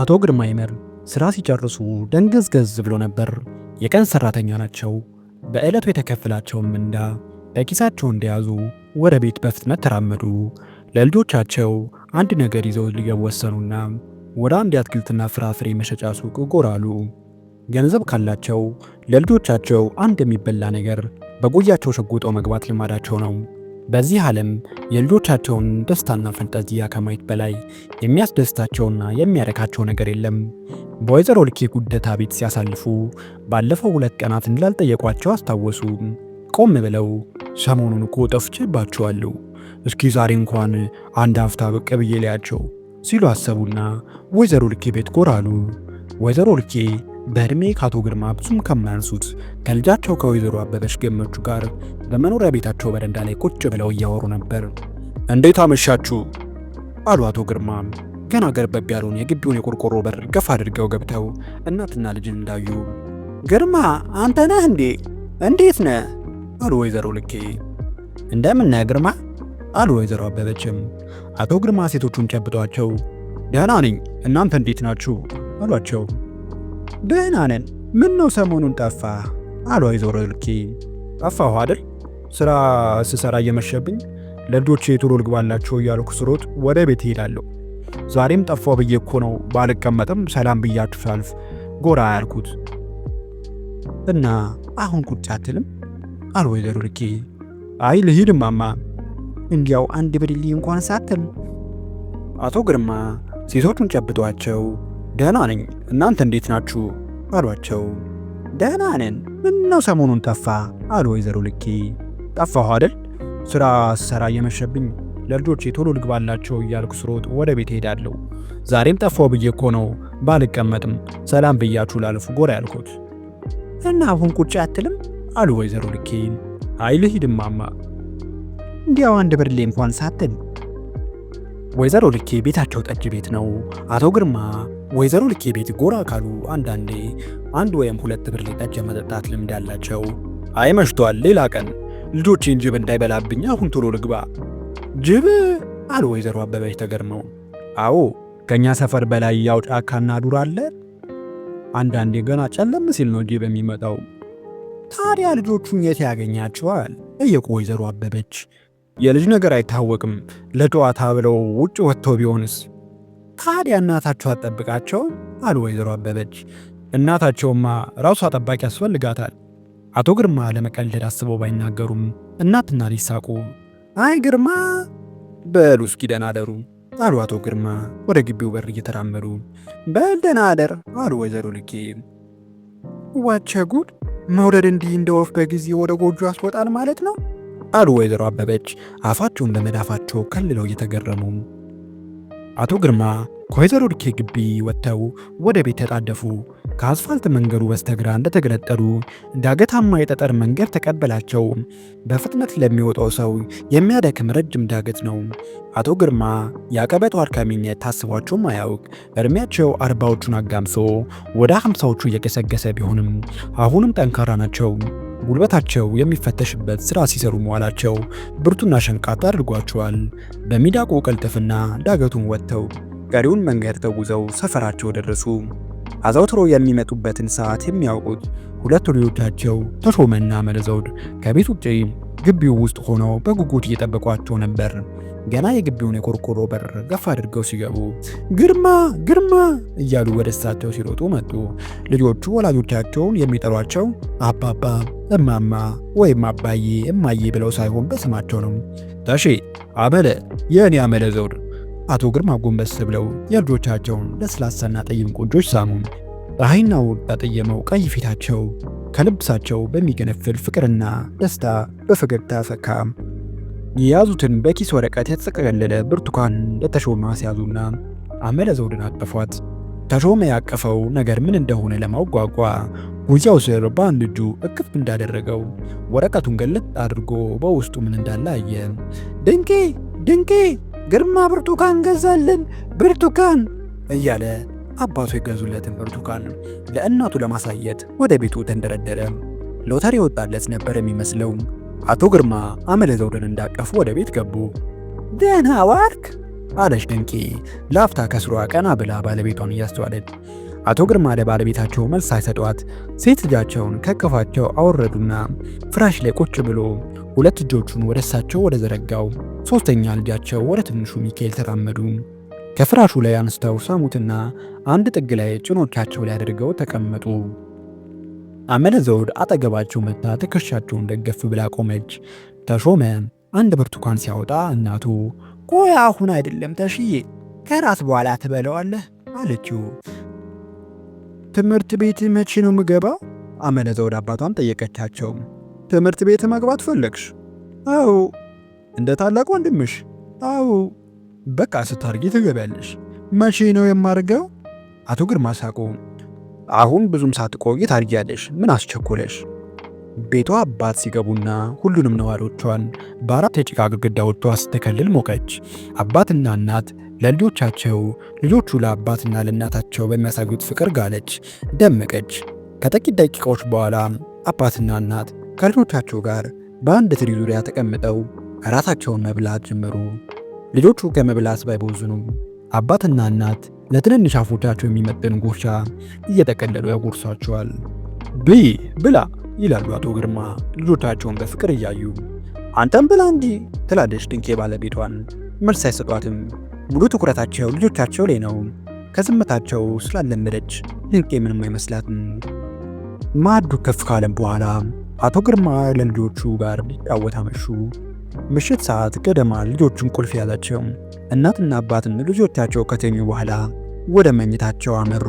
አቶ ግርማ ይመር ስራ ሲጨርሱ ደንገዝገዝ ብሎ ነበር። የቀን ሰራተኛ ናቸው። በዕለቱ የተከፈላቸውን ምንዳ በኪሳቸው እንደያዙ ወደ ቤት በፍጥነት ተራመዱ። ለልጆቻቸው አንድ ነገር ይዘው ሊገቡ ወሰኑና ወደ አንድ የአትክልትና ፍራፍሬ መሸጫ ሱቅ ጎራሉ። ገንዘብ ካላቸው ለልጆቻቸው አንድ የሚበላ ነገር በጎያቸው ሸጉጠው መግባት ልማዳቸው ነው። በዚህ ዓለም የልጆቻቸውን ደስታና ፈንጠዚያ ከማየት በላይ የሚያስደስታቸውና የሚያረካቸው ነገር የለም። በወይዘሮ ልኬ ጉደታ ቤት ሲያሳልፉ ባለፈው ሁለት ቀናት እንዳልጠየቋቸው አስታወሱ። ቆም ብለው ሰሞኑን እኮ ጠፍቼባቸዋለሁ፣ እስኪ ዛሬ እንኳን አንድ አፍታ ብቅ ብዬ ላያቸው ሲሉ አሰቡና ወይዘሮ ልኬ ቤት ጎራ አሉ። ወይዘሮ ልኬ በእድሜ ከአቶ ግርማ ብዙም ከማያንሱት ከልጃቸው ከወይዘሮ አበበች ገመቹ ጋር በመኖሪያ ቤታቸው በረንዳ ላይ ቁጭ ብለው እያወሩ ነበር። እንዴት አመሻችሁ አሉ አቶ ግርማ ገና ገርበብ ያለውን የግቢውን የቆርቆሮ በር ገፋ አድርገው ገብተው እናትና ልጅን እንዳዩ። ግርማ አንተ ነህ እንዴ? እንዴት ነህ? አሉ ወይዘሮ ልኬ። እንደምን ነህ ግርማ? አሉ ወይዘሮ አበበችም። አቶ ግርማ ሴቶቹን ጨብጧቸው ደህና ነኝ እናንተ እንዴት ናችሁ? አሏቸው። ደህና ነን። ምን ነው ሰሞኑን ጠፋ አሉ። አይዞር ልኪ። ጠፋሁ አይደል? ስራ ስሰራ እየመሸብኝ ለልጆቼ ቶሎ ልግባላቸው እያልኩ ስሮጥ ወደ ቤት እሄዳለሁ። ዛሬም ጠፋው ብዬ እኮ ነው ባልቀመጥም ሰላም ብያችሁ ሳልፍ ጎራ ያልኩት እና አሁን ቁጭ አትልም? አሉ ወይዘሮ ልኪ። አይ ልሂድ ማማ፣ እንዲያው አንድ ብድልኝ እንኳን ሳትል አቶ ግርማ ሴቶቹን ጨብጧቸው ደህና ነኝ፣ እናንተ እንዴት ናችሁ? አሏቸው። ደህና ነን፣ ነው ሰሞኑን ጠፋ? አሉ ወይዘሮ ልኬ። ጠፋሁ አይደል? ስራ ስሰራ እየመሸብኝ ለልጆቼ ቶሎ ልግባላቸው እያልኩ ስሮጥ ወደ ቤት ሄዳለሁ። ዛሬም ጠፋው ብዬ እኮ ነው ባልቀመጥም ሰላም ብያችሁ ላልፉ ጎራ ያልኩት እና አሁን ቁጭ አትልም? አሉ ወይዘሮ ልኬን። አይ ልሂድማማ፣ እንዲያው አንድ ብርሌ እንኳን ሳትል። ወይዘሮ ልኬ ቤታቸው ጠጅ ቤት ነው። አቶ ግርማ ወይዘሮ ልኬ ቤት ጎራ ካሉ አንዳንዴ አንድ ወይም ሁለት ብርሌ ጠጅ የመጠጣት ልምድ አላቸው። አይ መሽቷል፣ ሌላ ቀን ልጆቼን ጅብ እንዳይበላብኝ አሁን ቶሎ ልግባ። ጅብ አሉ ወይዘሮ አበበች ተገርመው። አዎ ከእኛ ሰፈር በላይ ያው ጫካና ዱር አለ። አንዳንዴ ገና ጨለም ሲል ነው ጅብ የሚመጣው። ታዲያ ልጆቹን የት ያገኛቸዋል? ጠየቁ ወይዘሮ አበበች። የልጅ ነገር አይታወቅም። ለጨዋታ ብለው ውጭ ወጥተው ቢሆንስ ታዲያ እናታቸው አጠብቃቸው አሉ ወይዘሮ አበበች። እናታቸውማ ራሷ ጠባቂ ያስፈልጋታል። አቶ ግርማ ለመቀለድ አስበው ባይናገሩም እናትና ሊሳቁ አይ ግርማ በሉ እስኪ ደህና አደሩ አሉ አቶ ግርማ ወደ ግቢው በር እየተራመዱ። በል ደህና አደር አሉ ወይዘሮ ልኬ። ዋቸ ጉድ መውደድ እንዲህ እንደ ወፍ በጊዜ ወደ ጎጆ ያስወጣል ማለት ነው አሉ ወይዘሮ አበበች አፋቸውን በመዳፋቸው ከልለው እየተገረሙ አቶ ግርማ ከወይዘሮ ዱኬ ግቢ ወጥተው ወደ ቤት ተጣደፉ። ከአስፋልት መንገዱ በስተግራ እንደተገለጠሉ ዳገታማ የጠጠር መንገድ ተቀበላቸው። በፍጥነት ለሚወጣው ሰው የሚያደክም ረጅም ዳገት ነው። አቶ ግርማ የአቀበቱ አድካሚነት ታስቧቸውም አያውቅ። እድሜያቸው አርባዎቹን አጋምሶ ወደ ሀምሳዎቹ እየገሰገሰ ቢሆንም አሁንም ጠንካራ ናቸው። ጉልበታቸው የሚፈተሽበት ስራ ሲሰሩ መዋላቸው ብርቱና ሸንቃጣ አድርጓቸዋል። በሚዳቆ ቀልጥፍና ዳገቱን ወጥተው ቀሪውን መንገድ ተጉዘው ሰፈራቸው ደረሱ። አዘውትሮ የሚመጡበትን ሰዓት የሚያውቁት ሁለቱ ልጆቻቸው ተሾመና መለዘውድ ከቤት ውጭ ግቢው ውስጥ ሆነው በጉጉት እየጠበቋቸው ነበር። ገና የግቢውን የቆርቆሮ በር ገፋ አድርገው ሲገቡ ግርማ ግርማ እያሉ ወደ እሳቸው ሲሮጡ መጡ። ልጆቹ ወላጆቻቸውን የሚጠሯቸው አባባ እማማ ወይም አባዬ እማዬ ብለው ሳይሆን በስማቸው ነው። ታሺ አመለ፣ የእኔ አመለ ዘውድ። አቶ ግርማ ጎንበስ ብለው የልጆቻቸውን ለስላሳና ጠይም ቆንጆች ሳሙ። ፀሐይና ውድ ጠየመው ቀይ ፊታቸው ከልብሳቸው በሚገነፍል ፍቅርና ደስታ በፈገግታ ፈካ። የያዙትን በኪስ ወረቀት የተጠቀለለ ብርቱካን ለተሾማ ሲያዙና አመለ ዘውድን አጠፏት። ተሾመ ያቀፈው ነገር ምን እንደሆነ ለማውጓጓ ጉያው ስር በአንድ እጁ እቅፍ እንዳደረገው ወረቀቱን ገለጥ አድርጎ በውስጡ ምን እንዳለ አየ። ድንቄ ድንቄ፣ ግርማ ብርቱካን ገዛልን ብርቱካን እያለ አባቱ የገዙለትን ብርቱካን ለእናቱ ለማሳየት ወደ ቤቱ ተንደረደረ። ሎተሪ ወጣለት ነበር የሚመስለው። አቶ ግርማ አመለ ዘውድን እንዳቀፉ ወደ ቤት ገቡ። ደህና ዋርክ አለች ድንቂ። ላፍታ ከስሯ ቀና ብላ ባለቤቷን እያስተዋለች። አቶ ግርማ ለባለቤታቸው መልስ አይሰጧት። ሴት ልጃቸውን ከከፋቸው አወረዱና ፍራሽ ላይ ቁጭ ብሎ ሁለት እጆቹን ወደ እሳቸው ወደ ዘረጋው ሶስተኛ ልጃቸው ወደ ትንሹ ሚካኤል ተራመዱ። ከፍራሹ ላይ አንስተው ሳሙትና አንድ ጥግ ላይ ጭኖቻቸው ላይ አድርገው ተቀመጡ። አመለ ዘውድ አጠገባቸው መታ ትከሻቸውን ደገፍ ብላ ቆመች። ተሾመ አንድ ብርቱካን ሲያወጣ እናቱ ቆይ አሁን አይደለም ተሽዬ ከራት በኋላ ትበለዋለህ አለችው። ትምህርት ቤት መቼ ነው የምገባው? አመለዘ ወደ አባቷም ጠየቀቻቸው። ትምህርት ቤት መግባት ፈለግሽ? አዎ። እንደ ታላቅ ወንድምሽ? አዎ። በቃ ስታርጊ ትገቢያለሽ። መቼ ነው የማርገው? አቶ ግርማ ሳቁ። አሁን ብዙም ሳትቆይ ታርጊያለሽ። ምን አስቸኮለሽ? ቤቷ አባት ሲገቡና ሁሉንም ነዋሪዎቿን በአራት የጭቃ ግድግዳዎቿ ስትከልል ሞቀች። አባትና እናት ለልጆቻቸው፣ ልጆቹ ለአባትና ለእናታቸው በሚያሳዩት ፍቅር ጋለች፣ ደመቀች። ከጥቂት ደቂቃዎች በኋላ አባትና እናት ከልጆቻቸው ጋር በአንድ ትሪ ዙሪያ ተቀምጠው እራታቸውን መብላት ጀመሩ። ልጆቹ ከመብላት ባይቦዝኑም አባትና እናት ለትንንሽ አፎቻቸው የሚመጥን ጉርሻ እየጠቀለሉ ያጎርሷቸዋል። ብይ ብላ ይላሉ አቶ ግርማ ልጆቻቸውን በፍቅር እያዩ። አንተም ብላ እንዲህ ትላለች ድንቄ ባለቤቷን። መልስ አይሰጧትም። ሙሉ ትኩረታቸው ልጆቻቸው ላይ ነው። ከዝምታቸው ስላለመደች ድንቄ ምንም አይመስላትም። ማዕዱ ከፍ ካለም በኋላ አቶ ግርማ ለልጆቹ ጋር ሊጫወት አመሹ። ምሽት ሰዓት ገደማ ልጆቹን ቁልፍ ያዛቸው። እናትና አባትም ልጆቻቸው ከተኙ በኋላ ወደ መኝታቸው አመሩ።